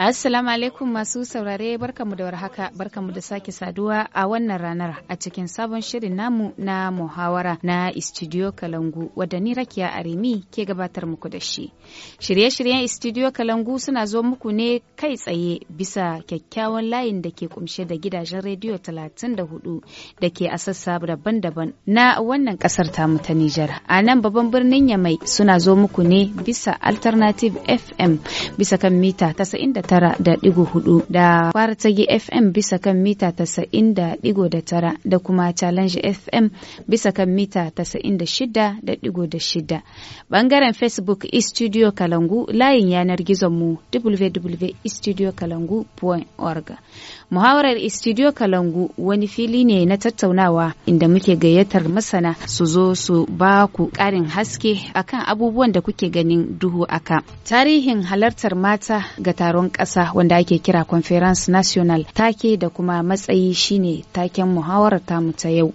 Assalamu alaikum masu saurare barkamu da warhaka barkamu da sake saduwa a wannan ranar a cikin sabon shirin namu na muhawara na Istidiyo Kalangu wadda ni Rakiya Arimi ke gabatar muku da shi. Shirye-shiryen Istidiyo Kalangu suna zo muku ne kai tsaye bisa kyakkyawan layin da ke kumshe da gidajen rediyo 34 da ke a sassa daban-daban na wannan kasar tamu ta Nijar. A nan babban birnin Yamai suna zo muku ne bisa Alternative FM bisa kan mita 90 99.4 da hudu da kwartagi FM bisa kan mita tasa'in da kuma challenge FM bisa kan mita 96.6. da da da Bangaren Facebook Studio Kalangu layin yanar gizonmu mu www.studiokalangu.org. Muhawarar Studio Kalangu wani fili ne na tattaunawa inda muke gayyatar masana su zo su ba ku ƙarin haske akan abubuwan da kuke ganin duhu aka. Tarihin halartar mata ga taron kasa wanda ake kira Conference National take da kuma matsayi shine taken muhawarar mu ta yau.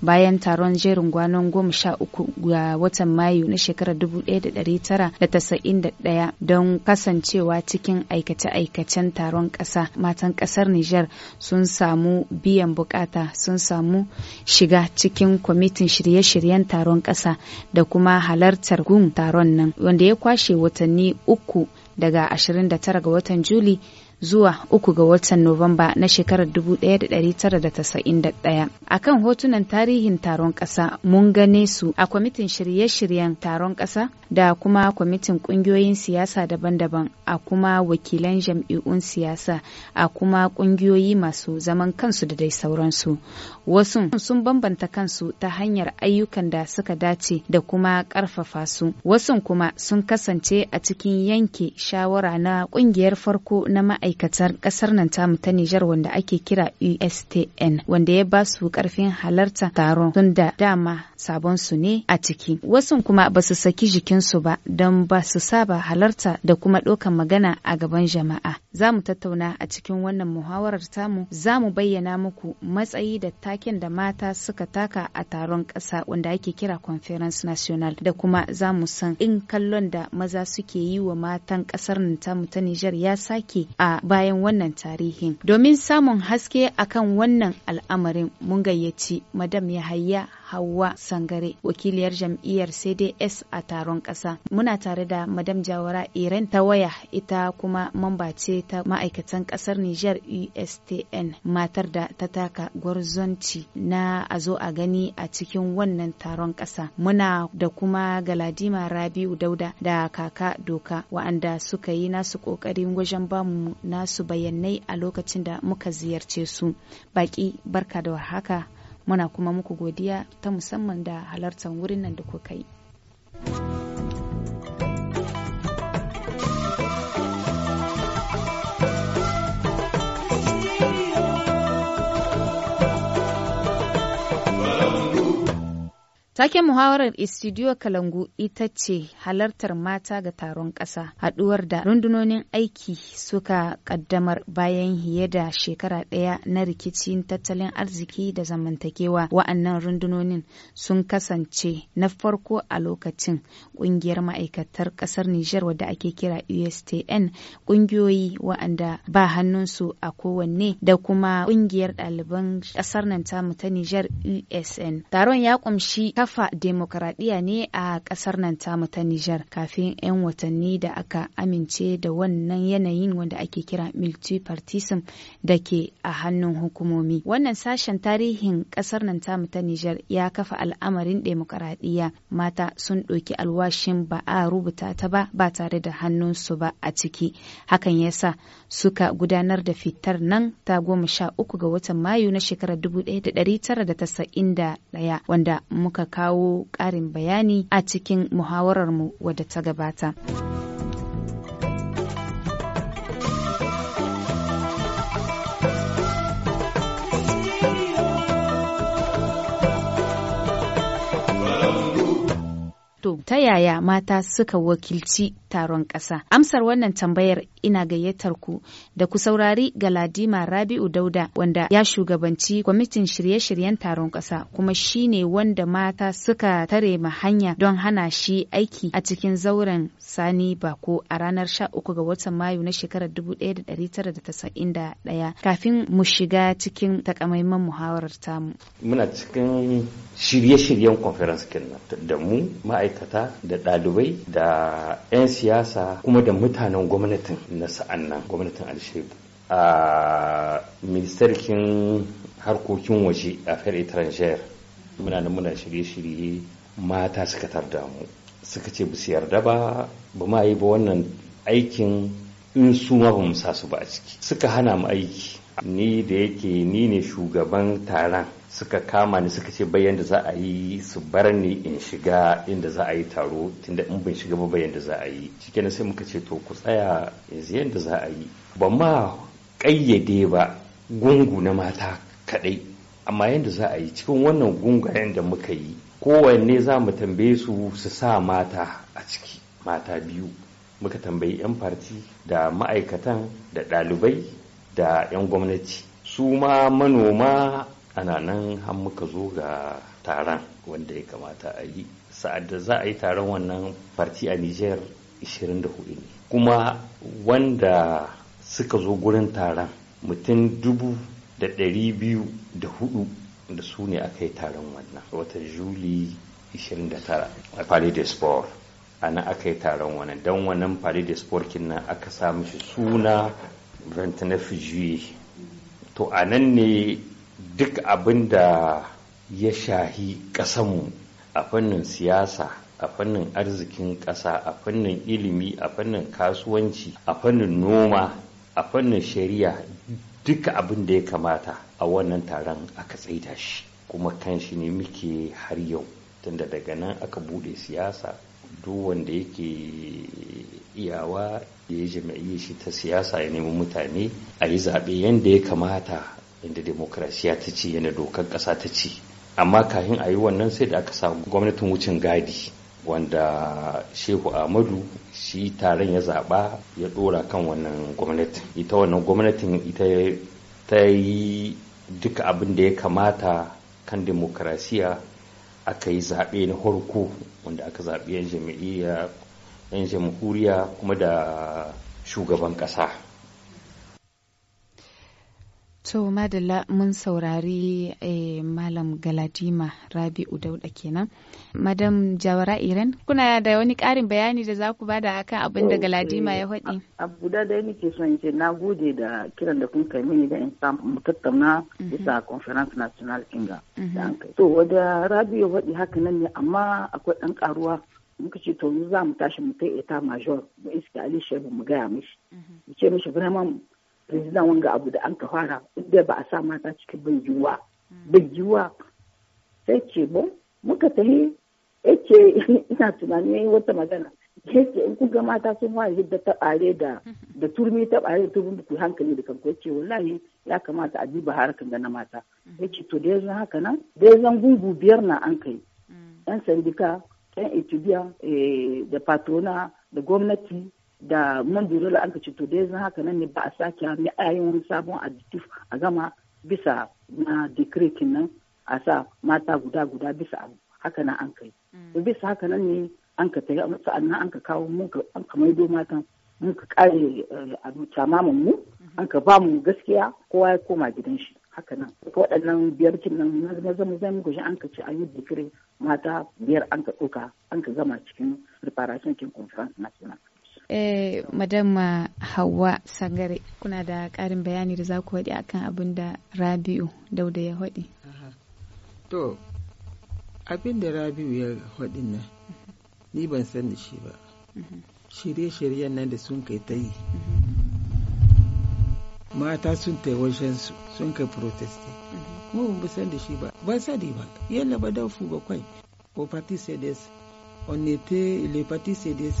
Bayan taron jerin gwanon goma sha uku ga watan Mayu na shekarar dubu da da da tara tasa'in ɗaya don kasancewa cikin aikace-aikacen taron kasa. matan ƙasar Nijar sun samu biyan bukata sun samu shiga cikin kwamitin shirye-shiryen taron kasa da kuma halartar gun taron nan wanda ya kwashe watanni uku daga 29 ga watan Juli zuwa uku ga watan Nuwamba na shekarar 1991. A kan hotunan tarihin taron ƙasa mun gane su a kwamitin shirye-shiryen taron ƙasa da kuma kwamitin ƙungiyoyin siyasa daban-daban a kuma wakilan jam'i'un siyasa a kuma ƙungiyoyi masu zaman kansu da dai sauransu. Wasu sun bambanta kansu ta hanyar ayyukan da suka dace da kuma ƙarfafa su. Wasu kuma sun kasance a cikin yanke shawara na ƙungiyar farko na ma'aikata ma'aikatar kasar nan tamu ta Nijar wanda ake kira USTN wanda ya ba su karfin halarta taron tun da dama sabon su ne a ciki. Wasu kuma ba su saki jikinsu ba don ba su saba halarta da kuma ɗaukan magana a gaban jama'a. Za mu tattauna a cikin wannan muhawarar tamu za mu bayyana muku matsayi da taken da mata suka taka a taron ƙasa wanda ake kira Conference National da kuma za mu san in kallon da maza suke yi wa matan ƙasar nan tamu ta Nijar ya sake a bayan wannan tarihin. Domin samun haske akan wannan al'amarin mun gayyaci Madam Yahaya Hauwa Sangare wakiliyar jam'iyyar CDS a taron ƙasa. Muna tare da Madam Jawara Iren ta waya ita kuma mamba ce ta ma'aikatan ƙasar Nijar USTN matar da ta taka gwarzonci na a zo a gani a cikin wannan taron ƙasa. Muna da kuma Galadima Rabiu Dauda da kaka doka wa'anda suka yi nasu ƙoƙarin wajen bamu nasu bayanai a lokacin da muka ziyarce su. baƙi barka da warhaka. muna kuma muku godiya ta musamman da halartar wurin nan da kuka yi. Taken muhawarar Istidiyo Kalangu ita ce halartar mata ga taron ƙasa haɗuwar da rundunonin aiki suka ƙaddamar bayan hiye da shekara ɗaya na rikicin tattalin arziki da zamantakewa wa'annan rundunonin sun kasance na farko a lokacin ƙungiyar ma'aikatar ƙasar Nijar wadda ake kira USTN ƙungiyoyi wa'anda ba hannunsu a kowanne da kuma ƙungiyar ɗaliban ƙasar nan tamu ta Nijar USN. Taron ya ƙumshi kafa demokaradiyya ne a kasar nan tamu ta Nijar kafin 'yan watanni da aka amince da wannan yanayin wanda ake kira multipartism da ke a hannun hukumomi. Wannan sashen tarihin kasar nan tamu ta Nijar ya kafa al'amarin demokaradiyya mata sun ɗauki alwashin ba a rubuta ta ba ba tare da hannunsu ba a ciki. Hakan yasa suka gudanar da fitar nan ta goma sha uku ga watan Mayu na shekarar 1991 wanda muka kawo ƙarin bayani a cikin muhawararmu wadda ta gabata. To, ta yaya mata suka wakilci taron ƙasa? Amsar wannan tambayar ina gayyatar ku da ku saurari Galadima Rabi'u Dauda wanda ya shugabanci kwamitin shirye-shiryen taron ƙasa kuma shi ne wanda mata suka tare ma hanya don hana shi aiki a cikin zauren Sani Bako a ranar 13 ga watan Mayu na shekarar 1991 kafin mu shiga cikin takamaiman muhawarar tamu. Muna cikin shirye-shiryen conference kenan da mu ma'aikata da ɗalibai da 'yan siyasa kuma da mutanen gwamnatin na sa'an nan gwamnatin alshebu a ministarkin harkokin waje a fair muna nan muna shirye-shirye mata suka tarda mu suka ce su yarda ba ba ma yi ba wannan aikin in su ma ba mu sa su ba a ciki suka hana mu aiki ni da yake ni ne shugaban taron suka kama ni suka ce bayan da za a yi su bar ni in shiga inda za a yi taro tunda in ban shiga ba bayan da za a yi cikin sai muka ce to ku tsaya yanzu yadda za a yi ba ma ƙayyade ba gungu na mata kaɗai amma yadda za a yi cikin wannan gungayen da muka yi kowanne za mu tambaye su su sa mata a ciki mata biyu muka tambayi 'yan farti da ma'aikatan da ɗalibai da 'yan gwamnati su ma manoma ana nan har muka zo ga taron wanda ya kamata a yi sa'ad da za a yi taron wannan farti a niger 24 ne kuma wanda suka zo gurin taron mutum dubu da ɗari biyu da hudu da su ne aka yi taron wannan watan juli 29 a palais de sport a aka yi taron wannan don wannan palais de sport kinnan aka sa shi suna 29 juillet to a nan ne duk abin da ya shahi ƙasanmu a fannin siyasa a fannin arzikin ƙasa a fannin ilimi a fannin kasuwanci a fannin noma a fannin shari'a duk abin da ya kamata a wannan taron aka tsaida shi kuma kan shi ne muke har yau tunda daga nan aka bude siyasa duk wanda yake iyawa ya yi shi ta siyasa ya nemi mutane a yi zaɓe yadda ya kamata inda demokrasiya ta ce yana dokar ƙasa ta ce amma kafin a yi wannan sai da aka samu gwamnatin wucin gadi wanda shehu Amadu shi taron ya zaɓa ya ɗora kan wannan gwamnatin ita wannan gwamnatin ita ta yi duka abin da ya kamata kan demokrasiya aka yi zaɓe na horko wanda aka zaɓi 'yan jamhuriya kuma da shugaban ƙasa To madalla mun saurari eh, Malam Galadima Rabi'u Dauda kenan. Madam Jawara Iren, kuna da wani ƙarin bayani da za ku bada akan abin da Galadima ya haɗi eh, Abu da dai nake son ce na gode da kiran da kun kai mini da in samu mu tattauna mhm. bisa conference national kinga da mhm. an To wanda Rabi'u haka nan ne amma akwai ɗan karuwa muka ce to za mu tashi mu kai ita major mu iska Ali Shehu mu gaya mishi. Mhm. Mu ce mishi vraiment yanzu na wanga abu da an ka fara inda ba a sa mata cikin bin yiwuwa bin yiwuwa sai ce bon muka tahi ce ina tunanin yayi wata magana ce in kun ga mata sun fara hidda ta bare da da turmi ta bare da turmi ku hankali da kanku yace wallahi ya kamata a duba harkan na mata yace to da yanzu haka nan da yanzu gungu biyar na an kai mm. yan sandika yan etudiya eh, da patrona da gwamnati da mun duro da anka to dai zan haka nan ne ba a sake mai ayin wani sabon additif a gama bisa na decretin nan a sa mata guda guda bisa abu haka nan an kai mm. to bisa haka nan ne an ka tayi sa'an an ka kawo mun ka an ka maido matan mun ka kare eh, abuta maman mu mm-hmm. an ka ba mu gaskiya kowa ya koma gidan shi haka nan waɗannan biyar kin nan na zama zama zama shi an ka ci an yi decree mata biyar an ka ɗauka an ka gama cikin reparation kin conference national Eh, madamma hawa Sangare, kuna da ƙarin bayani da za ku haɗi kan abin da Rabi'u Dauda ya haɗi. To, abin da Rabi'u ya haɗi nan, ni ban san da shi ba. Mhm. Shirye-shiryen nan da sun kai ta yi. Mhm. Mata sun ta wajensu sun kai protesti. Mhm. Mu ban san da shi ba, ban sani ba, yalla ba dafu ba kwai. Au parti CDS, on était le parti CDS.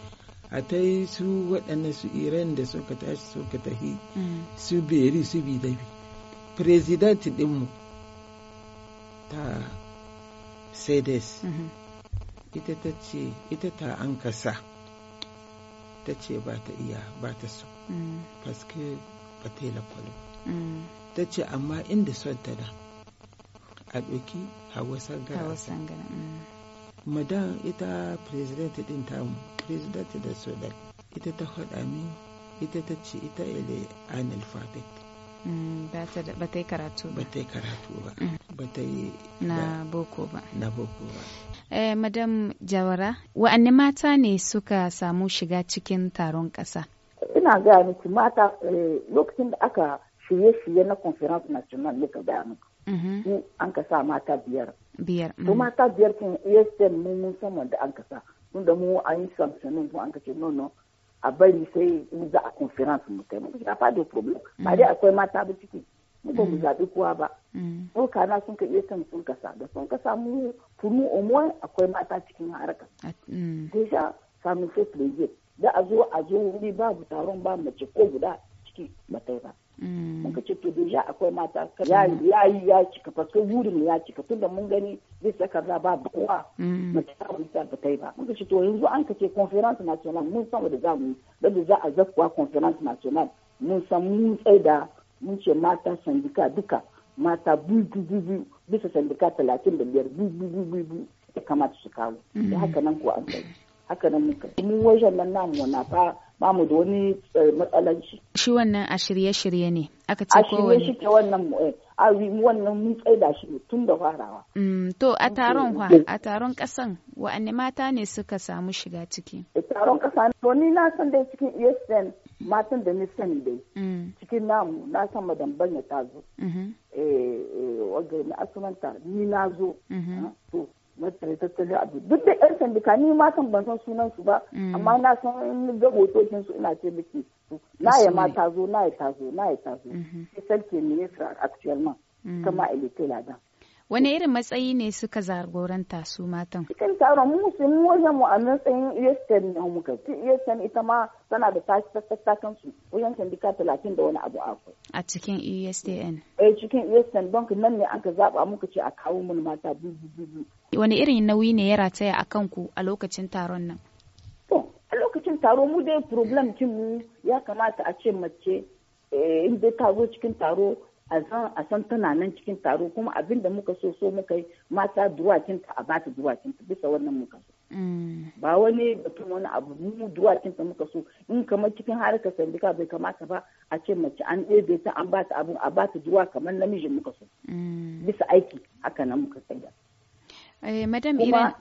A ta yi su waɗannan su iran da suka tashi suka tahi mm. su beri su bi dabi president ɗinmu ta sedes mm-hmm. ita ta ce ita ta an kasa ta ce ba ta iya ba ta so mm. paske ba ta yi lafalo mm. ta ce amma inda son ta da a ɗauki hawa sangara ita president ɗin tamu president da sudan ita ta faɗa min ita ta ce ita ile analphabet mm, ba ta yi karatu ba ta yi karatu ba ba ta yi mm. na boko ba na boko ba eh, madam jawara wa'anne mata ne suka samu shiga cikin taron kasa. ina gaya miki mata eh, lokacin da aka shirye-shirye na conference national ne ka ga miki mm-hmm. an ka sa mata biyar biyar to mm. mata biyar kin yes mun mun san wanda an ka sa tun da mu an yi sanctionin ko an kace no no a bari sai in za a conference mu kai mu ya da problem ba dai mm. akwai mata ba ciki mu ba mu mm. zabi kowa ba ko mm. kana sun ka iya san sun kasa da sun ka samu o mu akwai mata cikin haraka deja samu sai plaisir da a zo a zo babu taron ba mace ko guda ciki ba ba Mm. muka ce to duniya akwai mata ya yi ya cika sai wurin ya cika tunda mun gani zai saka za ba kowa mm. mace ta wuta ba ta yi ba muka ce to yanzu an ka ce conference national mun san wanda za mu da za a zakuwa conference national mun san mun da mun ce mata sandika duka mata bubu bisa sandika talatin da biyar bubu biyu su kawo da mm. haka nan ko an kai haka nan muka mu wajen nan namu na fa ba mu da wani eh, matsalanci shi wannan a shirye-shirye ne aka ce ko wani eh, a shirye shi wannan mu a wannan mun tsaida shi tun da farawa mm to a taron a taron kasan wa'anne mata ne suka samu shiga ciki a taron kasa to ni na san dai cikin ESN matan da ni sani dai mm. cikin namu na san madan banya ta zo mm-hmm. eh eh wanda ni asumanta ni na zo mm-hmm. to tattalin abu duk da yan sandika ni ma san ban san sunan su ba mm. amma na san in ga hotokin su ina ce miki na ya ma ta zo na ya ta zo na ya ta zo mm-hmm. sai sarki minister actuellement mm. kama elite ladan Wani irin matsayi ne suka zagoranta su matan? Cikin taron mu sun wajen mu a matsayin USTN ne muka. USTN ita ma tana da tattakan su wajen sandika talatin da wani abu akwai. A cikin USTN? Eh cikin USTN don nan ne aka zaba muka ce a kawo mun mata dubu dubu. Wani irin nauyi ne ya rataya a kanku a lokacin taron nan? To a lokacin taron mu dai problem mu ya kamata a ce mace eh, in dai ta zo cikin taro a san tana nan cikin taro kuma abin da muka so so muka yi mata duwakinta a bata duwakinta bisa wannan muka so mm. ba wani batun wani abu mu duwakinta muka so in kama cikin harkar sandika bai kamata ba a ce mace an ɗebe ta an bata abin a bata duwa kamar namijin muka so mm. bisa aiki haka nan muka tsaya Eh, Madam Iren,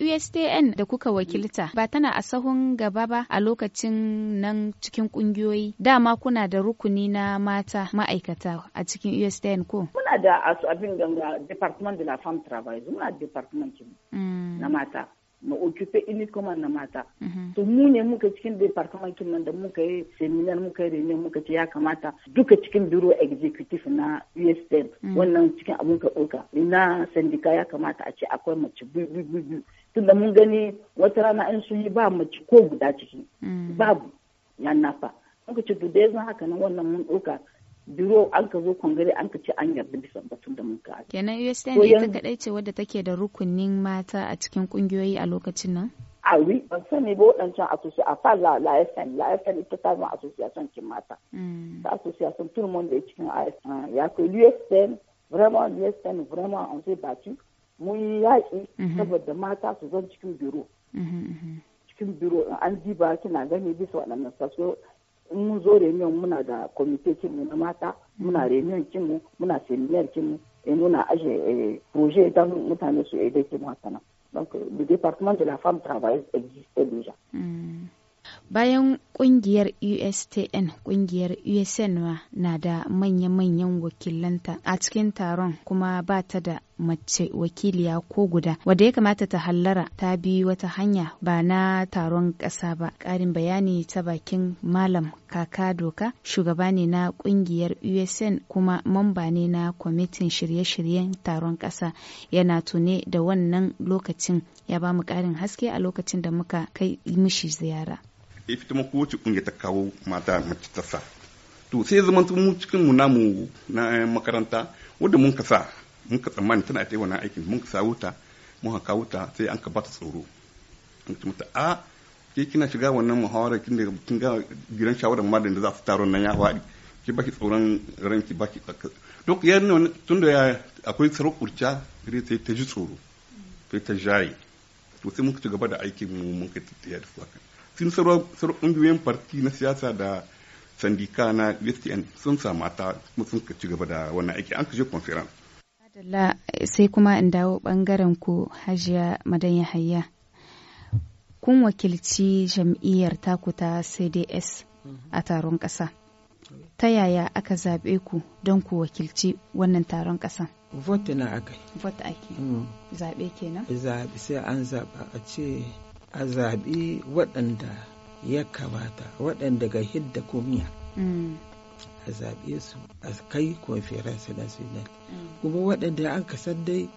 USTN da kuka wakilta ba tana a sahun gaba ba a lokacin nan cikin kungiyoyi. Dama kuna da rukuni na mata ma'aikata a cikin USTN ko? Muna da abin ganga Department de la Femme Travail, muna da Department mm. na mata. occuper mhm. uniquement e e na mata to mu ne muka cikin kin nan da muka yi seminar muka yi reunion muka ce ya kamata duka cikin bureau executive na USM wannan cikin abun ka doka na sindika ya kamata a ce akwai mace tun tunda mun gani wata rana in sun yi ba mace ko guda ciki babu ya nafa muka ce to da yanzu haka nan wannan mun ɗauka biro an ka zo kongare an ka ci an yarda bisa batun da muka ka kenan USN ita kadai ce wadda take da rukunin mata a cikin kungiyoyi a lokacin nan a wi ban sani ba waɗancan asusi a fa la la FN la FN ita ta zama association kin mata mm. ta association tout le monde est cikin ASN ya ko USN vraiment USN vraiment on s'est battu mun yi yaƙi mm-hmm. saboda mata su zan cikin biro mm-hmm, mm-hmm. cikin biro an ba kina gani bisa waɗannan sasso mun zo reunion muna da committee kinmu na mata muna reunion kinmu muna seminar kinmu et muna aje eh, eh, projet dan mutane su aide kinmu haka nan donc le département de la femme travailleuse existait déjà hmm. bayan kungiyar ustn kungiyar usn na da manya-manyan wakilanta a cikin taron kuma ba ta da mace wakiliya ko guda wadda ya kamata ta hallara ta bi wata hanya ba na taron ƙasa ba ƙarin bayani ta bakin malam kaka doka shugaba ne na ƙungiyar usn kuma mamba ne na kwamitin shirye-shiryen taron ƙasa yana tune da wannan lokacin ya ba mu ƙarin haske a lokacin da muka kai mishi ziyara ita ma kowace kungiya ta kawo mata mace ta sa to sai zaman mu cikin mu namu na makaranta wanda mun kasa mun ka tsammani tana ta yi wannan aikin mun kasa wuta mun haka wuta sai an ka bata tsoro an ci mata a ah, ke kina shiga wannan muhawara kin da kin ga gidan shawara madan da za su taro nan ya faɗi ki baki tsoron ranki baki duk ya ne tun da akwai tsaro kurciya gare sai ta ji tsoro sai ta jaye to sai mun ci gaba da aikin mu mun ka tafiya da su haka sun sauran ƙungiyoyin farki na siyasa da sandika na USTN sun samu ta kuma sun ci gaba da wannan aiki an kashe conference. Adalla sai kuma in dawo bangaren ku Hajiya Madanya hayya Kun wakilci jam'iyyar taku ta CDS a taron ƙasa. Ta yaya aka zaɓe ku don ku wakilci wannan taron ƙasa? Vote na aka yi. Vote ake. Mm. Zaɓe kenan? Zaɓe sai an zaɓa a ce a zaɓi waɗanda ya kamata waɗanda ga hidda komiya mm. a zaɓe su a kai conference national mm. kuma waɗanda an kasar dai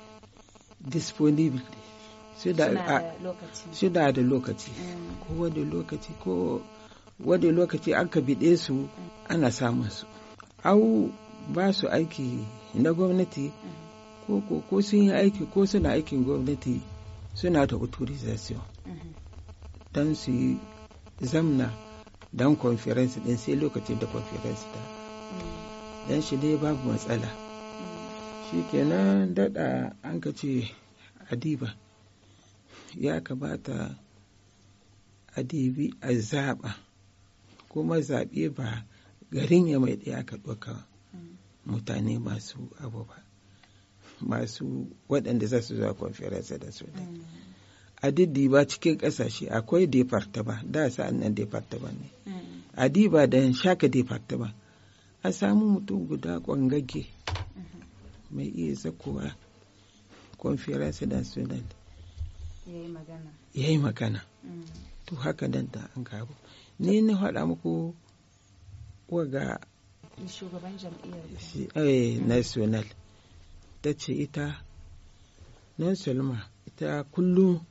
disponible suna da lokaci mm. ko wani lokaci ko wani lokaci an ka biɗe su ana samun su au ba su aiki na gwamnati ko ko sun yi aiki ko suna aikin gwamnati suna ta authorization don su yi zamna don conference din sai lokacin da conference ta don shi dai babu matsala shi kenan dada an ka ce adiba ya kamata adibi a zaɓa kuma zaɓe ba garin ya mai ɗaya ka ɗauka mutane masu abu ba masu waɗanda za su zuwa conference da su a diddiba cikin ƙasashe akwai ba da an nan ba ne a diba da shaka ba a samu mutum guda kwangage mai iya zakowa conference national ya yi magana to haka nan da an gabo ne na faɗa muku waga shugaban jam'iyyar eh, national ta ce ita nan salma ita kullum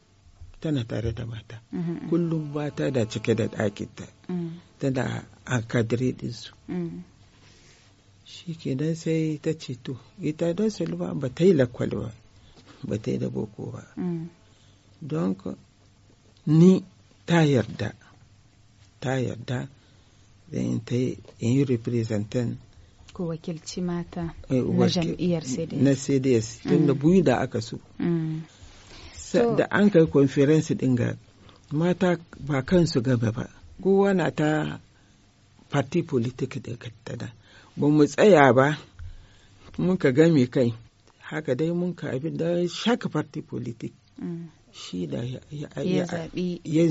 tana tare da mata mm-hmm. kullum mata da cike da ɗakinta mm. tana a kadire ɗinsu mm. shi kenan sai ta ce to ita don salma ba ta yi lakwal ba ba ta yi da boko ba mm. don ni ta yarda ta yarda da in ta yi representant ko wakilci mata eh, na jam'iyyar cds na cds tun da buyi da aka so da an kai conference din ga mata ba kansu gaba ba kowa na ta party politik da kattada ba mu tsaya ba muka game kai haka dai mun ka abin da shaka party politik mm. shi da ya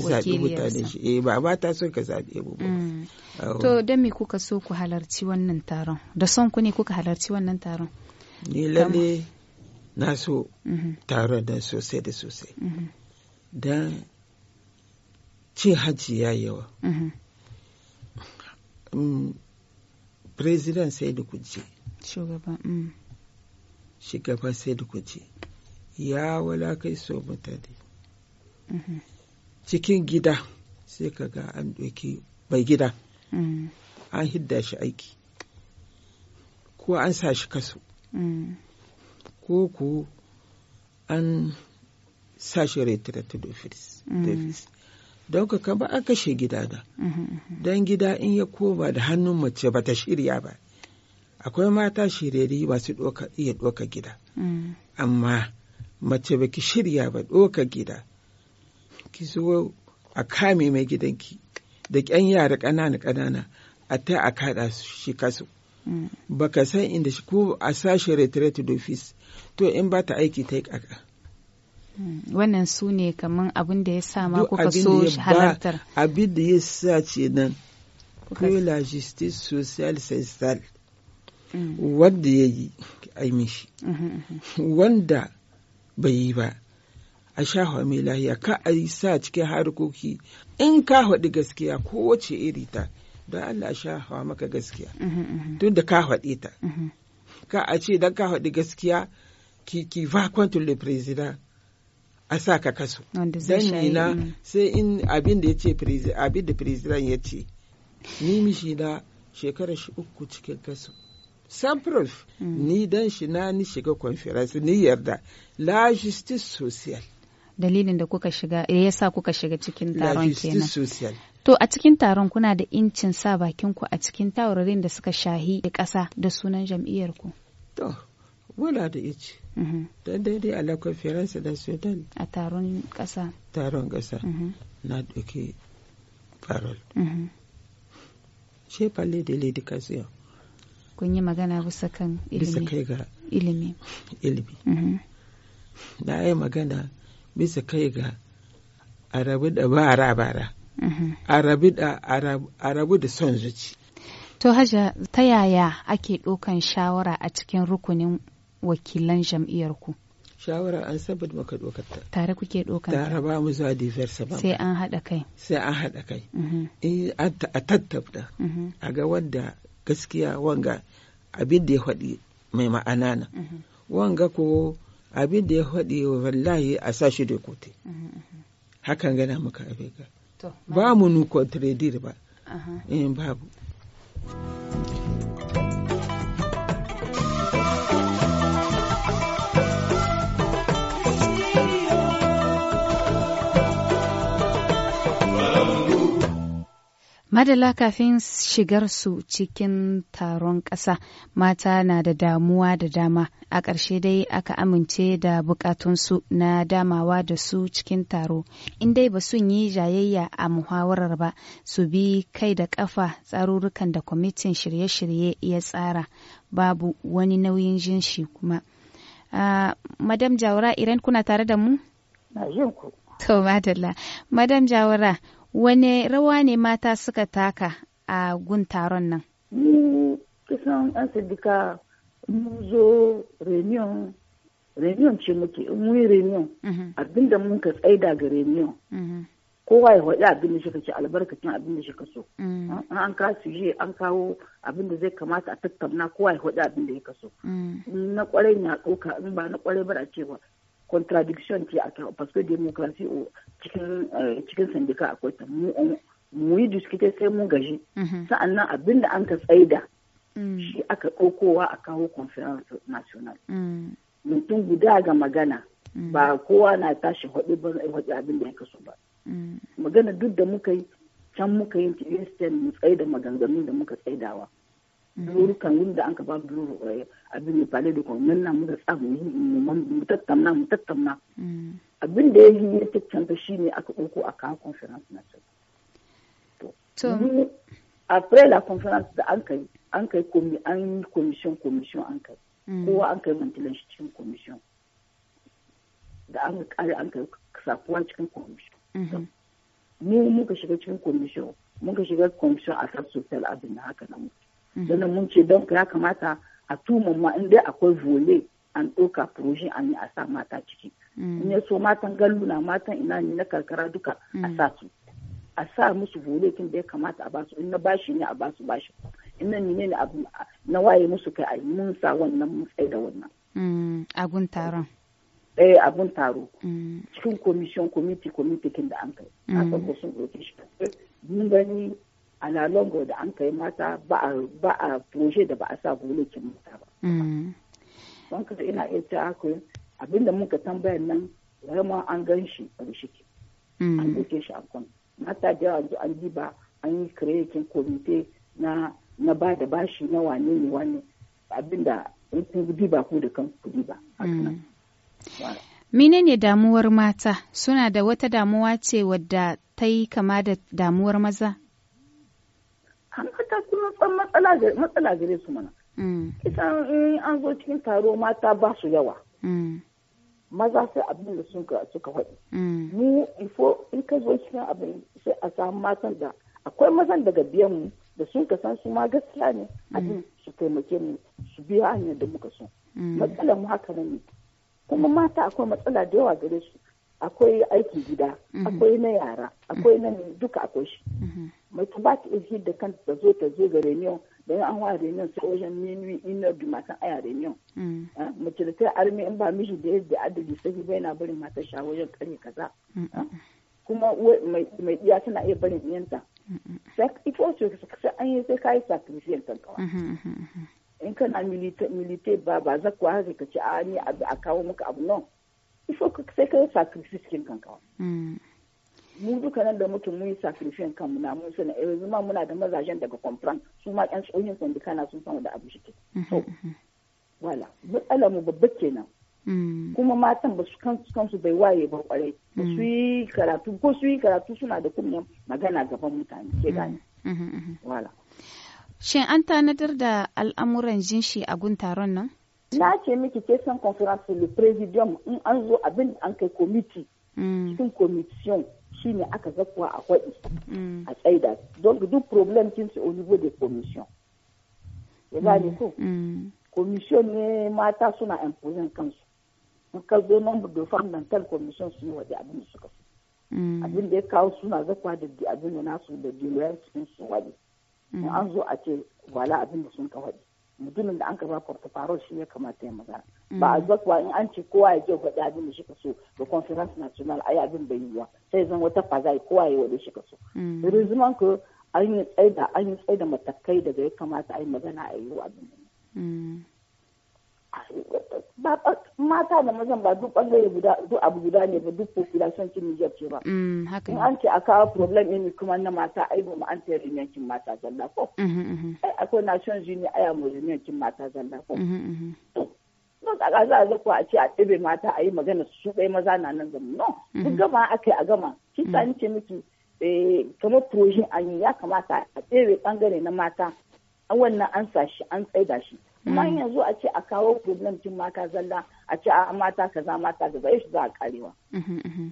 zaɓi mutane shi eh ba ba ta son ka zaɓe ba to da me kuka so ku halarci wannan taron da son ku ne kuka halarci wannan taron ni lalle na so mm-hmm. taron nan sosai da sosai mm-hmm. da ce hajji ya yi yawa mm-hmm. mm, president sai da kuje shugaba mm. shugaba sai da kuje ya walakai so mutane cikin gida sai ka ga an ɗauki bai gida mm. an hidda shi aiki ko an sa shi kaso ko ku an sa rai retire ta dofis mm. don ka kaba an kashe gida da mm-hmm, mm-hmm. don gida in ya koma da hannun mace ba ta shirya ba akwai mata shiriri masu iya doka gida mm. amma mace ba ki shirya ba doka gida ki zo a kame mai gidanki da ƙyan yara ƙanana ƙanana a ta a kaɗa shi kasu baka san inda shi ko a sashen retreat office to in ba ta aiki ta yi kaka wannan su ne kamar abin da ya sa ma kuka so halartar abin da ya sa ce nan que la justice sociale mm. wanda ya yi aimi shi mm-hmm, mm-hmm. wanda bai yi ba a sha mai lahiya ka a yi sa cikin harkoki in ka haɗu gaskiya kowace iri ta don Allah sha hawa maka gaskiya mhm, mhm. tun da ka faɗi ta mhm. ka a ce don ka faɗi gaskiya ki ki va contre le president a sa ka kaso don nina mm. sai in abin da ya ce abin da president ya ce ni mishi na shekarar shi uku cikin kaso sans proof. Mm. ni dan shi na ni shiga conference ni yarda la justice social. dalilin da kuka shiga eh, ya sa kuka shiga cikin taron kenan la justice To a cikin taron kuna da incin sa bakin ku a cikin taurarin da suka shahi da ƙasa da sunan jam'iyyar ku. To muna da ici. Mm-hmm. Don daidai a la conference da Sudan. A taron ƙasa. Taron ƙasa. Mm-hmm. Na ɗauki farol. Ce mm-hmm. falle da lady kasiya. Kun yi magana bisa kan ilimi. Bisa kai ga ilimi. Ilimi. Na yi magana bisa kai ga arabu da bara bara. a rabu da son zuci to haja ta yaya ake ɗaukan shawara a cikin rukunin wakilan jam'iyyarku shawara an saboda maka ɗaukar ta tare kuke ɗaukar ta tare ba mu zuwa diversa ba sai an haɗa kai sai an haɗa kai in mhm. eh, a tattabta mhm. a ga wanda gaskiya wanga abin da ya faɗi mai ma'ana na mhm. wanga ko abin da ya faɗi wallahi a sashi da kote hakan gana muka abin ba mu nu contradir ba in eh, babu Madala kafin shigar su cikin taron ƙasa mata na da damuwa da dama a ƙarshe dai aka amince da bukatunsu na damawa da su cikin taro in dai ba sun yi jayayya a muhawarar ba su bi kai da ƙafa tsarurrukan da kwamitin shirye-shirye ya tsara babu wani nauyin jin shi kuma. Uh, Madam Jawara Iren kuna tare da mu? Na ku. Madalla. Madam Jawara, Wane rawa ne mata suka taka a gun taron nan? Mu kusan an sadika mu zo reunion reunion ce muke mu yi reunion mhm. abinda mun ka tsaye ga reunion mhm. kowa ya faɗi abin da shi kace albarkacin abin da shi kaso mhm. ah, an ka suje an kawo abin da zai kamata a tattauna kowa ya faɗi abin da ya kaso na kwarai na ɗauka in ba na kwarai ba cewa. contradiction ce a kan parce que democracy oh, cikin euh, cikin sandika akwai ta mu yi sai mu gaji mhm. sa'annan abinda an ka tsaida mm. shi aka ɗaukowa a kawo conference national mm. mutum guda ga magana mm. ba kowa na tashi haɗu ba haɗu abin da ya kaso ba magana duk da muka yi can muka yi tiristan mu tsaida maganganun da muka tsaidawa durori mm-hmm. kan da an ka ba durori eh, abin da fale da kuma nan mu da tsamu mu tattauna mu tattauna mm. abin da ya yi ya tattanta shi ne aka ɗauko a kan conference na to a la conference da an kai an kai an yi commission commission an kai mm. kowa an kai mantilan shi cikin commission da an kare an kai safuwa cikin commission mm-hmm. mu muka shiga cikin commission muka shiga commission a social abin da haka na mutu Mhm. dana mun ce don ya kamata a tuma ma in akwai vole an ɗauka furoshi a yi a sa mata ciki mm. in ya so matan galluna matan ina ne na karkara duka a mm. sa su a sa musu vole tun da ya kamata a basu in na bashi ne a basu bashi in nan ne abu na waye musu kai a yi mun sa wannan mun tsaye da wannan mm. abun taron eh, a abun taro cikin komishin komiti komiti kin da an kai a sun ɗauke shi mun gani Ana longo da an kai mata ba a proje da ba a sa gulokin mata ba. Mm. Don kasa ina iya ta haka abinda muka tambaya nan rama an gan shi a ke. Mm. An duke shi a kwan. Mata da yawa an diba an yi kirekin komite na na ba da bashi na wane ne wane abinda in kun diba ku da kan ku diba. Mm. Menene damuwar mata suna da wata damuwa ce wadda ta yi kama da damuwar maza? ta kuma tsan matsala gare su mana mm. kisan in an zo cikin taro mata ba su yawa mm. maza sai abin da suka suka faɗi mm. mu ifo in ka zo cikin abin sai a samu matan da akwai mazan daga biyan mu da sun ka san su ma gaskiya ne abin su taimake mu su biya hanyar da muka so matsalar mu haka ne kuma mata akwai matsala da yawa gare su akwai aiki gida mm-hmm. akwai na yara akwai na duka akwai shi mm-hmm. ta ba ta iya da kanta ta zo ta zo ga reunion da an wa reunion sai wajen minuwi ina da matan aya reunion mm. ah, mace da ta armi in ba miji da yadda adadi sai ba na barin matar sha wajen kare kaza ah, kuma mai iya tana iya barin iyanta sai ita wace sai an yi sai yi sacrifice kan kawa mm-hmm, mm-hmm, mm-hmm. in kana milite ba ba za ku haka ka ce a ah, ni a kawo maka abu nan ifo faut que sai kai sacrifice kin kan kawa mm. mu duka nan da mutum mun yi sacrifice kanmu na mun sana eh, yanzu ma muna da mazajen daga kwamfran su ma yan tsohin sandika na sun san da abu shi wala mm-hmm, mm-hmm. matsala mu babba kenan mm. kuma matan ba su kansu bai waye ba kwarai ba su yi mm. karatu ko su yi karatu suna da kunyan magana gaban mutane ke gani mm, mm-hmm, wala shin an tanadar da al'amuran jinshi a gun taron nan na ce miki ke san conference le presidium in an zo abin an kai committee cikin commission shine aka zakuwa a kwaɗi a tsaida don duk problem kin su au niveau de commission ya gane ko commission ne mata suna imposin kansu in ka zo nan da fam nan tal commission su ne waje abin da suka su. abin da ya kawo suna zakuwa da abin da nasu da diloyan cikin su waje in an zo a ce wala abin da sun ka waje mutumin da an karba ba portfolio shi ya kamata ya magana mm. ba a zakwa in an ce kowa ya je faɗi abin da shi ka so da conference national ai abin bai yiwa sai zan wata faza kowa ya wada shi ka so rizuman mm. ku an yi tsaida an yi tsaida matakai daga ya kamata a yi magana a yi abin mata da mazan ba duk bangare guda duk abu guda ne ba duk population cin Niger ce ba mm, in an ce a kawo problem ne kuma na mata ai ba mu an tayar yankin mata zalla ko mm-hmm, mm-hmm. ai akwai nations union aya mu yankin mata zalla ko mm-hmm, don a za a zaku a ce a ɗebe mata a yi magana su ɗaya maza na nan zama no duk gama aka yi a gama shi ta ce miki eh, kamar proje an yi ya kamata a ɗebe ɓangare na mata wannan an sa shi an tsaida shi kuma mm. yanzu a ce a kawo problem tun mata zalla a ce a mata kaza mata kaza shi za a karewa mm-hmm, mm-hmm.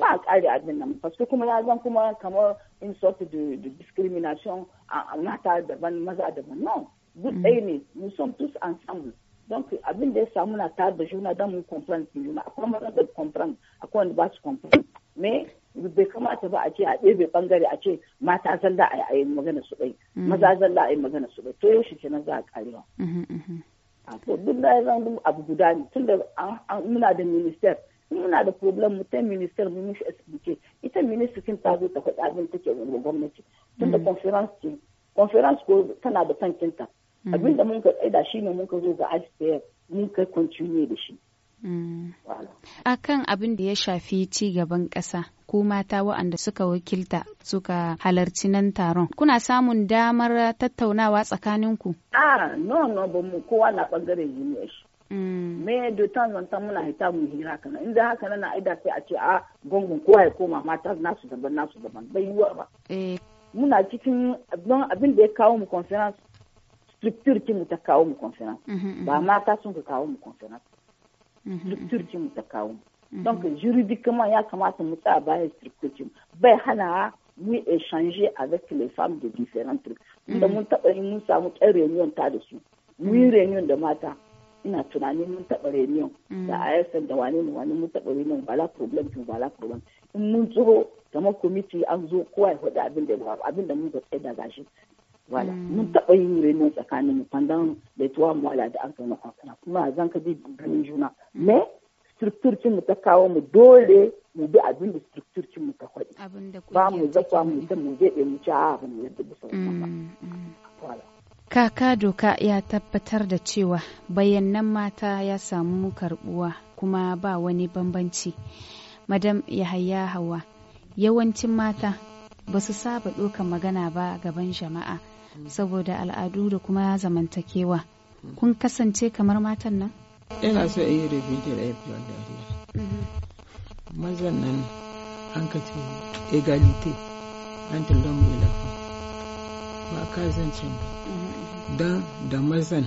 ba a kare abin nan paske kuma ya zan kuma kamar insult da discrimination a mata daban maza daban no duk mm. ɗaya ne nous sommes tous ensemble donc abin da ya samu na tare da juna don mu comprendre juna akwai da akwai wanda ba su comprendre me bai kamata ba a ce a ɗebe bangare a ce mata zalla a yi magana su bai mm. maza zalla a yi magana su bai to yaushe kenan za a karewa mm-hmm, mm-hmm. a to duk da zan abu guda ne tunda muna da minister muna da problem mu ta minister mu mishi explique ita minister kin ta zo ta faɗi abin take wa gwamnati tunda mm. conference ce conference ko tana da tankinta mm. abinda mun ka tsaida shine mun ka zo ga ICF mun ka continue da shi Akan abin da ya shafi ci gaban ƙasa. ku mata waɗanda suka wakilta suka halarci nan taron. Kuna samun damar tattaunawa tsakaninku? Ah, no, no, ba mu kowa na ɓangaren junior shi. Mm. me da tan zanta muna hita mu hira kana inda haka nan na aida sai a ce a ah, gungun kowa ya koma mata nasu daban nasu daban bai yi ba eh. muna cikin don abin da ya kawo mu conference structure mu ta kawo mu conference mm-hmm, mm-hmm. ba mata sun ka kawo mu conference Mhm. structure mu ta kawo mhm. donc juridiquement ya kamata mu tsaya baya structure bai hana mu échanger avec les femmes de différents trucs mhm. da mun taɓa yi mun samu ɗan reunion ta da su mu yi reunion da mata ina tunani mun taɓa reunion da ISM da wani ne wani mun taɓa reunion la problem to la problem in mun tsoro kamar committee an zo kowa ya faɗi abin da abin da mun ga tsaye da gashi wala hmm. mun taɓa yin reunion tsakanin mu pandan da tuwa mu wala da an kai makwana kuma zan ka bi ganin juna me hmm. structure cin mu ta kawo mu dole mu bi abin da structure cin mu ta kwaɗi ba mu zafa mu ta mu je mu ci a abin yadda bisa wala kaka doka ya tabbatar da cewa bayanan mata ya samu karbuwa kuma ba wani bambanci madam yahaya hawa yawancin mata ba su saba ɗaukar magana ba gaban jama'a saboda al'adu da kuma zamantakewa kun kasance kamar matan nan ina so in yi rubutu da ya dariya mhm. mazan nan an ka ce egalite an talon mai lafa ba ka zance ba mhm. don da mazan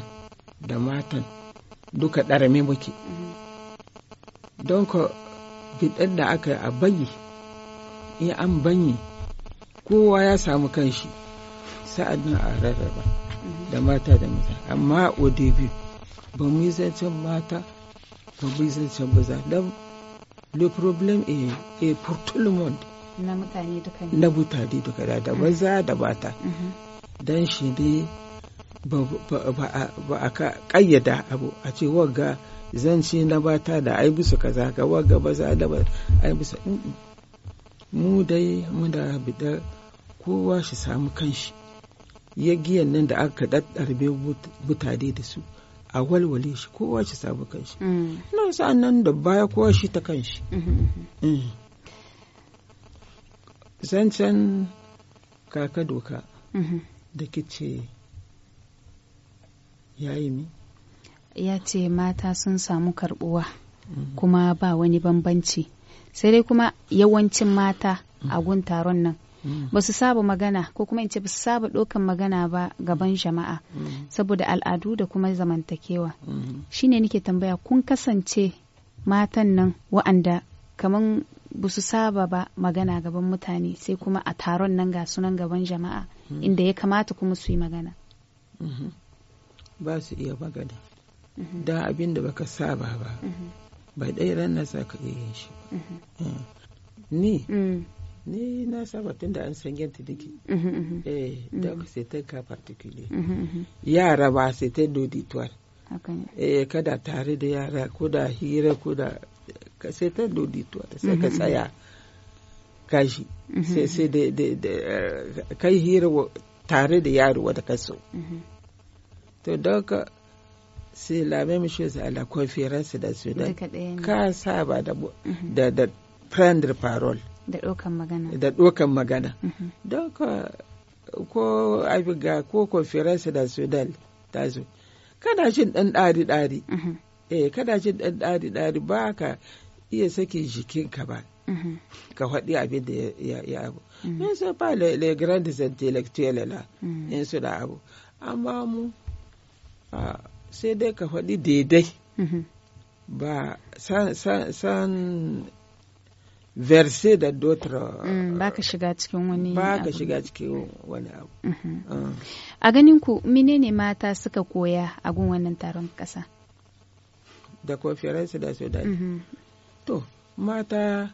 da matan duka ɗarame muke mhm. don ka fitar da aka a bayi in an banyi kowa ya samu kanshi Sa'ad na a rarraba da mata da maza amma a biyu ba mu yi zancen mata ba mu yi zancen maza don le problem a pour tout le monde na mutane duka na mutane duka da da maza da mata mm-hmm. don shi ne ba a kayyada abu a ce wagga zance na mata da ai bisa kaza ga wagga maza da ai bisa mu dai muna bidar kowa shi samu kanshi ya giyan nan da aka biyu mutane da su a walwale shi kowa shi sabu kanshi mm. na sa'an nan da baya kowa shi ta kanshi mm-hmm, mm-hmm. mm. zancen kaka doka mm-hmm. da kice ya yi mi ya ce mata sun samu karbuwa kuma ba wani bambanci sai dai kuma yawancin mata mm. a gun taron nan ba su saba magana ko kuma in ce ba su saba ɗaukan magana ba gaban jama'a saboda al'adu da kuma zamantakewa shine nake tambaya kun kasance matan nan wa'anda kaman ba su saba ba magana gaban mutane sai kuma a taron nan ga sunan gaban jama'a inda ya kamata kuma su yi magana ba su iya magana da abin baka saba ba ba ɗaya ran na sa ka iya yin shi mhm. eh. ni mm. ni na saba tun da an san yanta dake mhm, mhm. eh da c'est un cas particulier mhm, yara ba sai ta doditwar eh kada tare da yara ko da hira ko da c'est un auditoire sai ka tsaya kashi sai sai da kai hira tare da yaro wata kaso to donc c'est la même ala à da su da ka saba da da prendre parole da ɗaukan magana da ɗaukan magana mhm. don ko abiga ko conference da sudan ta zo kana jin ɗan ɗari ɗari mhm. eh kana jin ɗan ɗari ɗari ba ka iya saki jikinka ba mhm. ka faɗi abin da ya abu in so ba le grand intellectuel la in su da abu amma mu sai dai ka faɗi daidai ba san verse da dotra mm, ba ka shiga cikin wani ba ka shiga cikin wani abu mm-hmm. mm. a ganin ku menene mata suka koya a gun wannan taron kasa da conference da so da mm-hmm. to mata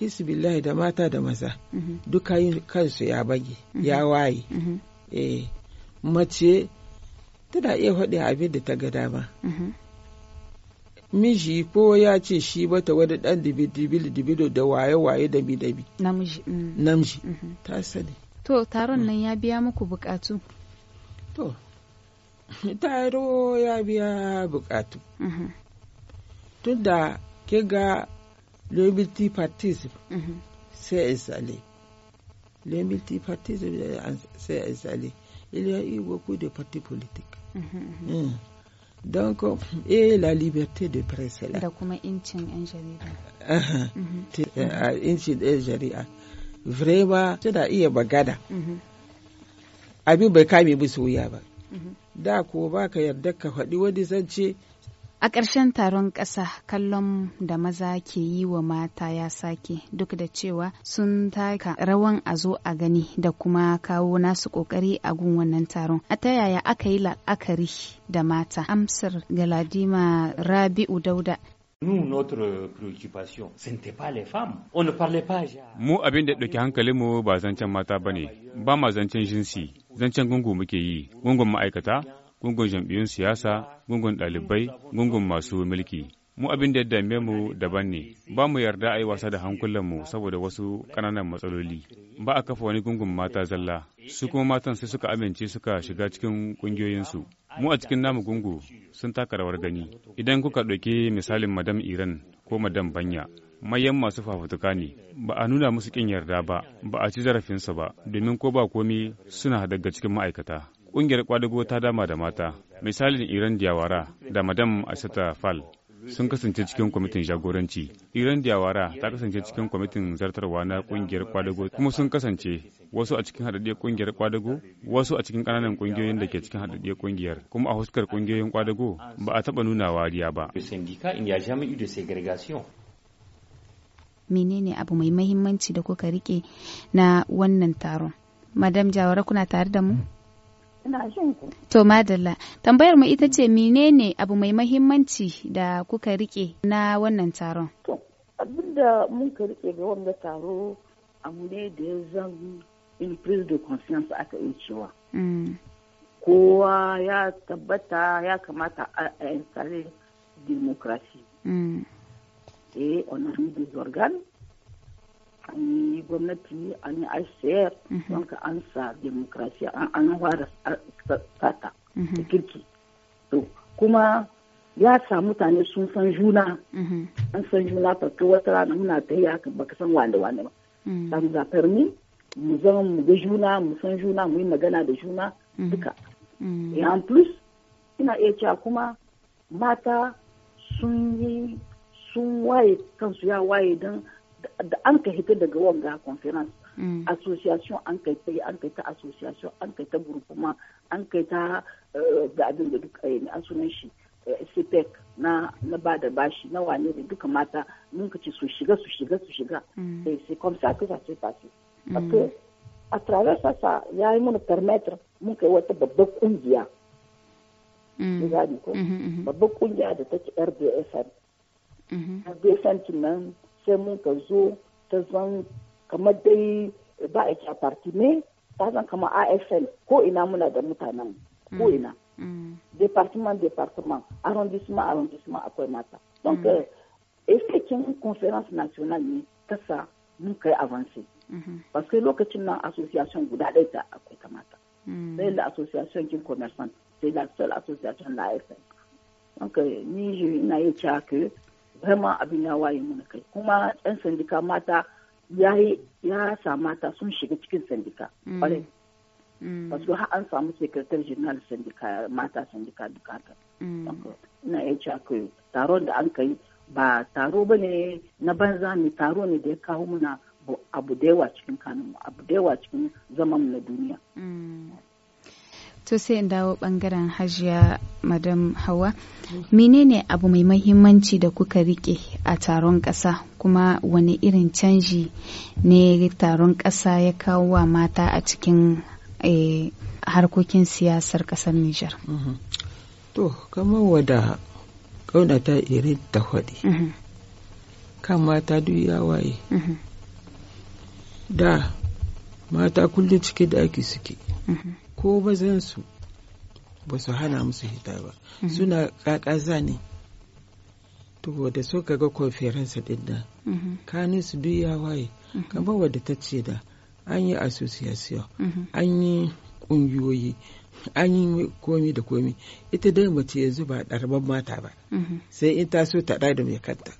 hisbillahi da mata da maza mm-hmm. duka yin kansu ya bage ya waye eh mace tana iya faɗi abin da ta ga dama miji ko ya ce shi bata wani dan dibido da waye-waye da midami namiji mm. namiji mm-hmm. ta sani to taron nan ya biya muku bukatu to taro ya biya bukatu mm-hmm. tun da ga le multipartisme mm-hmm. sai installé le multipartisme c'est installé il y a eu beaucoup de partis politiques mm don eh la liberté de presse la da kuma incin yan jarida mhm. eh, incin yan jarida tana iya magana mhm. abin bai kame musu wuya ba mhm. da ko ba ka yarda ka faɗi wani zance A ƙarshen taron ƙasa kallon da maza ke yi wa mata ya sake duk da cewa sun taka rawan a zo a gani da kuma kawo nasu ƙoƙari a gun wannan taron. A ta yaya aka yi la'akari da mata? Amsar Galadima Rabi'u Dauda Mu abin da ɗauki hankalinmu ba zancen mata ba ne, ba ma zancen jinsi, zancen gungu muke yi, gungun ma'aikata, gungun jam'iyyun siyasa, gungun ɗalibai, gungun masu mulki. Mu abin da ya dame mu daban ne, ba mu yarda a yi wasa da hankulanmu saboda wasu ƙananan matsaloli. Ba a kafa wani gungun mata zalla, su kuma matan sai suka amince suka shiga cikin ƙungiyoyinsu. Mu a cikin namu gungu sun taka rawar gani. Idan kuka ɗauki misalin Madam Iran ko Madam Banya, mayan masu fafutuka ne ba a nuna musu ƙin yarda ba ba a ci zarafinsa ba domin ko ba komi suna daga cikin ma'aikata Ƙungiyar kwadago ta dama da mata, misalin Iran diyawara da Madam Asata Fal sun kasance cikin kwamitin jagoranci. Iran diyawara ta kasance cikin kwamitin zartarwa na ƙungiyar kwadago kuma sun kasance wasu a cikin haɗaɗɗiyar ƙungiyar kwadago wasu a cikin ƙananan ƙungiyoyin da ke cikin haɗaɗɗiyar ƙungiyar, kuma a huskar kungiyoyin kwadago ba a taɓa nuna wariya ba. menene abu mai mahimmanci da kuka rike na wannan taron madam jawara kuna tare da mu mm. toma jin tambayar mu ita ce menene abu mai mahimmanci da kuka rike na wannan taron? To, abin da mun ka rike ga wanda taro abu ne da ya zan in prise de conscience aka yi cewa. Mm. Kowa ya tabbata ya kamata a installe demokrasi. Mm. Eh, on a an yi gwamnati an yi ICR mhm. don ka an sa demokrasiya an fara sata da mhm. kirki to kuma ya sa mutane sun san juna mhm. an san juna farko wata rana muna ta yi haka baka san wane wane ba san zafar ni mu zama mu ga juna mu san juna mu yi magana da juna duka eh, an plus ina iya cewa kuma mata sun yi sun waye kansu ya waye don da an ka hita daga wanga conference mm. association an kai ta an kai ta association an kai ta groupement an kai ta eh, da abin da duk ne eh, an sunan shi cpec eh, e na na ba da bashi na wane da duka mata mun ka ce su shiga su shiga su shiga sai mm. sai comme ça que ça s'est passé mm. parce que a travers ça ça ya yi mana permettre mun kai wata babbar kungiya ko mm-hmm, mm-hmm. babbar kungiya da take rbsn mm-hmm. RDSN nan sai mun ka zo ta zan kamar dai ba a kya parti ne ta zan kamar afl ko ina muna da mutanen ko mm. ina mm. departement departement arrondissement arrondissement akwai mata don ka mm. euh, kin conference national ne ta sa mun kai avance mm-hmm. parce que lokacin nan association guda ɗaya ta akwai ta mata sai da association kin commerçant sai la seule association la afl donc euh, ni je n'ai yi que Rama abin ya waye mana kai kuma 'yan sandika mata ya yi ya sa mata sun shiga cikin sandika. Mm. Ƙwarai. Mm. Wasu har an samu sekretar jinal sandika mata sandika duka ya ci aka yi taron da an kai ba taro ba ne na banza ne taro ne da ya kawo muna abu da yawa cikin kanunmu abu da yawa cikin zaman na duniya. Mm. to sai in dawo bangaren hajiya madam hawa menene abu mai mahimmanci da kuka rike a taron ƙasa kuma wani irin canji ne taron ƙasa ya kawo wa mata a cikin eh, harkokin siyasar ƙasar nijar mm-hmm. to kamar wada ƙaunata irin ta faɗi mm-hmm. kan mata duk ya waye mm-hmm. da mata kullum cike da ake suke ko bazansu ba su hana musu hita ba mhm. suna kakaza ne to da so ga konferensa din nan mhm. kanin su duk ya waye mhm. kamar wadda ta ce da an yi association an yi ƙungiyoyi an yi komi da komi ita dai mace yanzu ba ɗarban mata ba sai in ta so ta da mai kanta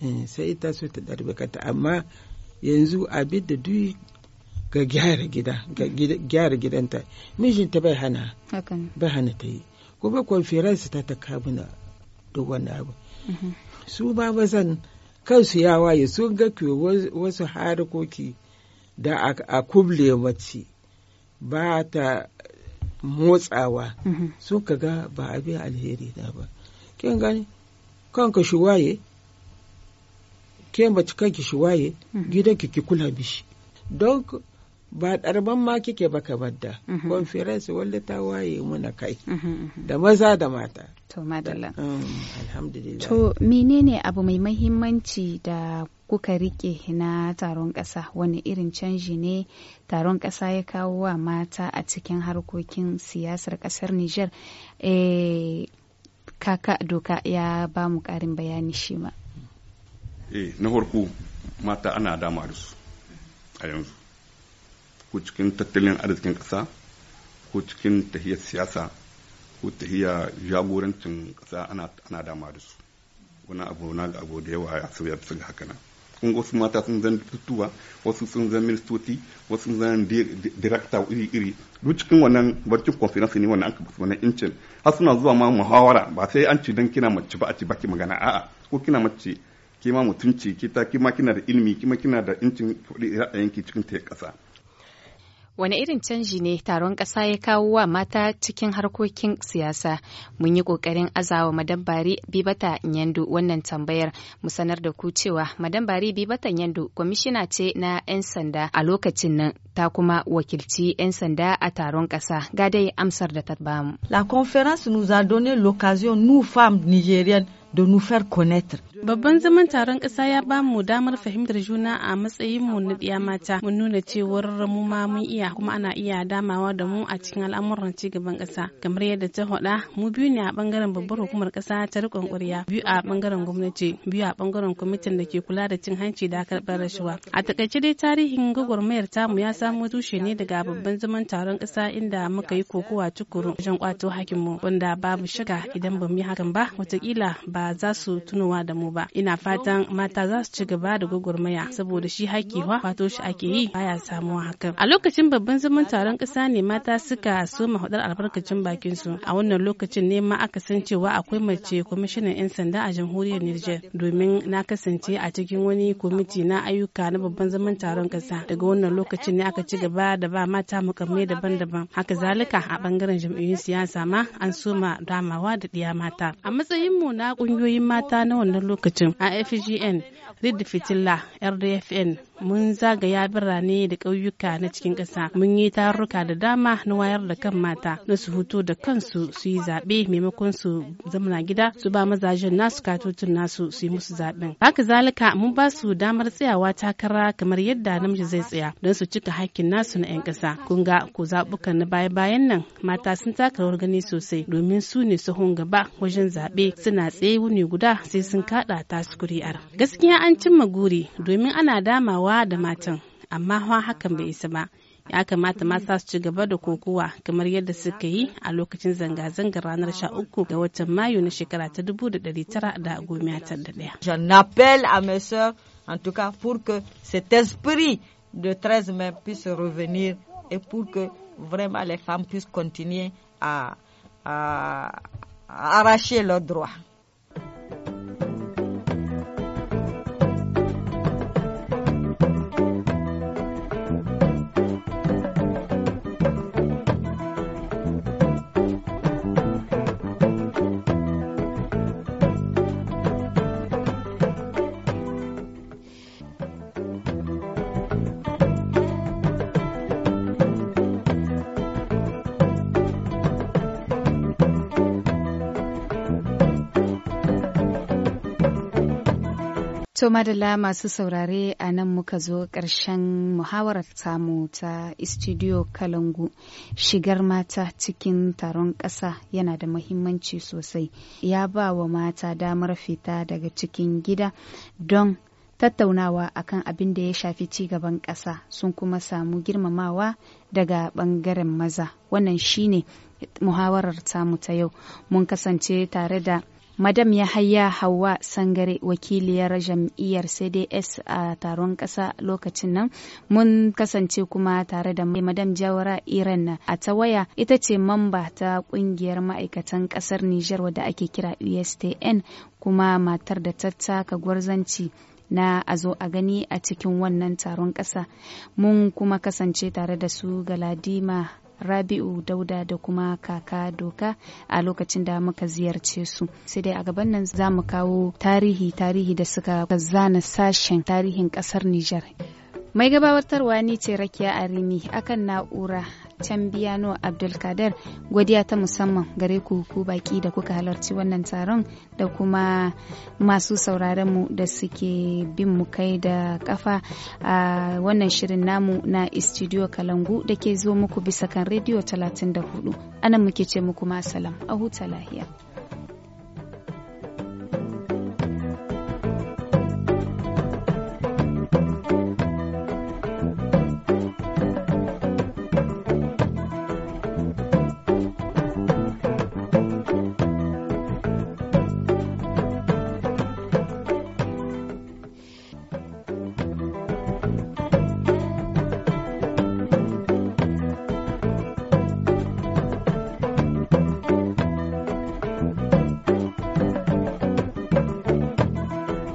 eh, sai in ta so ta da mai kanta amma yanzu abin da duk ga gyara gida ga gyara gidanta mijinta bai hana bai hana ta yi ko kuma conference ta ta kabuna duk wani abu mhm. su ba bazan kansu ya waye sun ga wasu harkoki da a kuble mace ba ta motsawa mhm. sun ka ga ba abin alheri da ba kin gani kanka shi waye ke mace kanki shi waye mhm. gidanki ki kula bishi don ba ɗarban ma kike baka badda mhm. conference wanda ta waye muna kai mhm, mhm, da maza da mata to madalla um, alhamdulillah to menene abu mai mahimmanci da kuka rike na taron ƙasa wani irin canji ne taron ƙasa ya kawo wa mata a cikin harkokin siyasar ƙasar Nijar eh, kaka doka ya ba mu ƙarin bayani shi ma. Eh, na farko mata ana dama da su a yanzu ko cikin tattalin arzikin ƙasa ko cikin tahiyar siyasa ko tahiyar jagorancin ƙasa ana dama da su wani abu na ga abu da yawa a sauya su ga haka nan wasu mata sun zan tuttuwa wasu sun zan ministoci wasu sun zan direkta iri iri duk cikin wannan barcin conference ne wannan aka basu wannan incin har suna zuwa ma muhawara ba sai an ci dan kina mace ba a ci baki magana a'a ko kina mace ke ma mutunci ke ta kima kina da ilimi kima kina da incin ra'ayinki cikin ta ƙasa wani irin canji ne taron ƙasa ya kawo wa mata cikin harkokin siyasa? Mun yi ƙoƙarin azawa madambari Bibata Nyandu wannan tambayar mu sanar da ku cewa madambari Bibata Nyandu kwamishina ce na 'yan sanda a lokacin nan ta kuma wakilci 'yan sanda a taron ƙasa ga dai amsar da ta bamu. La conférence nous a donné l'occasion nous femmes nigériennes da nufar connector. Babban zaman taron ƙasa ya ba mu damar fahimtar juna a matsayin mu na ɗiya mata mun nuna cewar mu ma mun iya kuma ana iya damawa da mu a cikin al'amuran ci gaban ƙasa. Kamar yadda ta faɗa mu biyu ne a bangaren babbar hukumar ƙasa ta riƙon ƙwarya, biyu a bangaren gwamnati, biyu a bangaren kwamitin da ke kula da cin hanci da karɓar rashawa. A takaice dai tarihin gwagwarmayar mu ya samo tushe ne daga babban zaman taron ƙasa inda muka yi kokowa tukuru wajen kwato hakinmu wanda babu shiga idan ba mu yi hakan ba watakila ba ba za su tunowa da mu ba ina fatan mata za su ci gaba da gwagwarmaya saboda shi haƙƙi wa shi ake yi baya samuwa hakan a lokacin babban zaman taron kasa ne mata suka soma hudar albarkacin bakin su a wannan lokacin ne ma aka san cewa akwai mace kwamishinan 'yan sanda a jamhuriyar Nijar domin na kasance a cikin wani kwamiti na ayyuka na babban zaman taron kasa. daga wannan lokacin ne aka ci gaba da ba mata mukammai daban-daban haka zalika a bangaren jam'iyyun siyasa ma an soma damawa da ɗiya mata a matsayin mu na kungiyoyin mata na wannan lokacin a FGN, Rid Fitilla, RDFN, mun zagaya birane da ƙauyuka na cikin ƙasa mun yi taruka da dama na wayar da kan mata na su hutu da kansu su yi zaɓe maimakon su zamana gida su ba mazajen nasu katutun nasu su yi musu zaɓen haka zalika mun ba su damar tsayawa takara kamar yadda namiji zai tsaya don su cika hakkin nasu na 'yan ƙasa kun ga ko zaɓukan na baya-bayan nan mata sun taka rawar gani sosai domin su ne sahun gaba wajen zaɓe suna tsaye wuni guda sai sun kaɗa tasu kuri'ar gaskiya an cimma guri domin ana damawa kokowa da matan amma hakan bai isa ba ya kamata mata su ci gaba da kokowa kamar yadda suka yi a lokacin zanga-zangar ranar 13 ga watan mayu na shekara ta 1991. J'en appelle à mes soeurs, en tout cas, pour que cet esprit de 13 mai puisse revenir et pour que vraiment les femmes puissent continuer à, arracher leurs droits. To madalla masu saurare a nan muka zo ƙarshen muhawarar samu ta Istidiyo Kalangu shigar mata cikin taron ƙasa yana da mahimmanci sosai ya ba wa mata damar fita daga cikin gida don tattaunawa akan abin da ya shafi ci gaban ƙasa sun kuma samu girmamawa daga ɓangaren maza wannan shine muhawarar tamu ta yau mun kasance tare da Madam Yahaya Hauwa Sangare wakiliyar jam'iyyar CDS a taron ƙasa lokacin nan mun kasance kuma tare da Madam Jawara Iran a ta waya ita ce mamba ta ƙungiyar ma'aikatan ƙasar Nijar wadda ake kira USTN kuma matar da tattaka taka gwarzanci na a zo a gani a cikin wannan taron ƙasa mun kuma kasance tare da su Galadima rabi'u dauda da kuma kaka doka a lokacin da muka ziyarce su sai dai a gaban nan za mu kawo tarihi tarihi da suka zana sashen tarihin ƙasar nijar Mai gabatarwa wani ce Rakiya Arimi akan na'ura can biyano Abdulkader godiya ta musamman gare ku ku baki da kuka halarci wannan taron da kuma masu sauraron mu da suke bin mu kai da kafa a wannan shirin namu na Studio Kalangu da ke zo muku bisa kan Radio 34. Anan muke ce muku masalam a huta lahiya.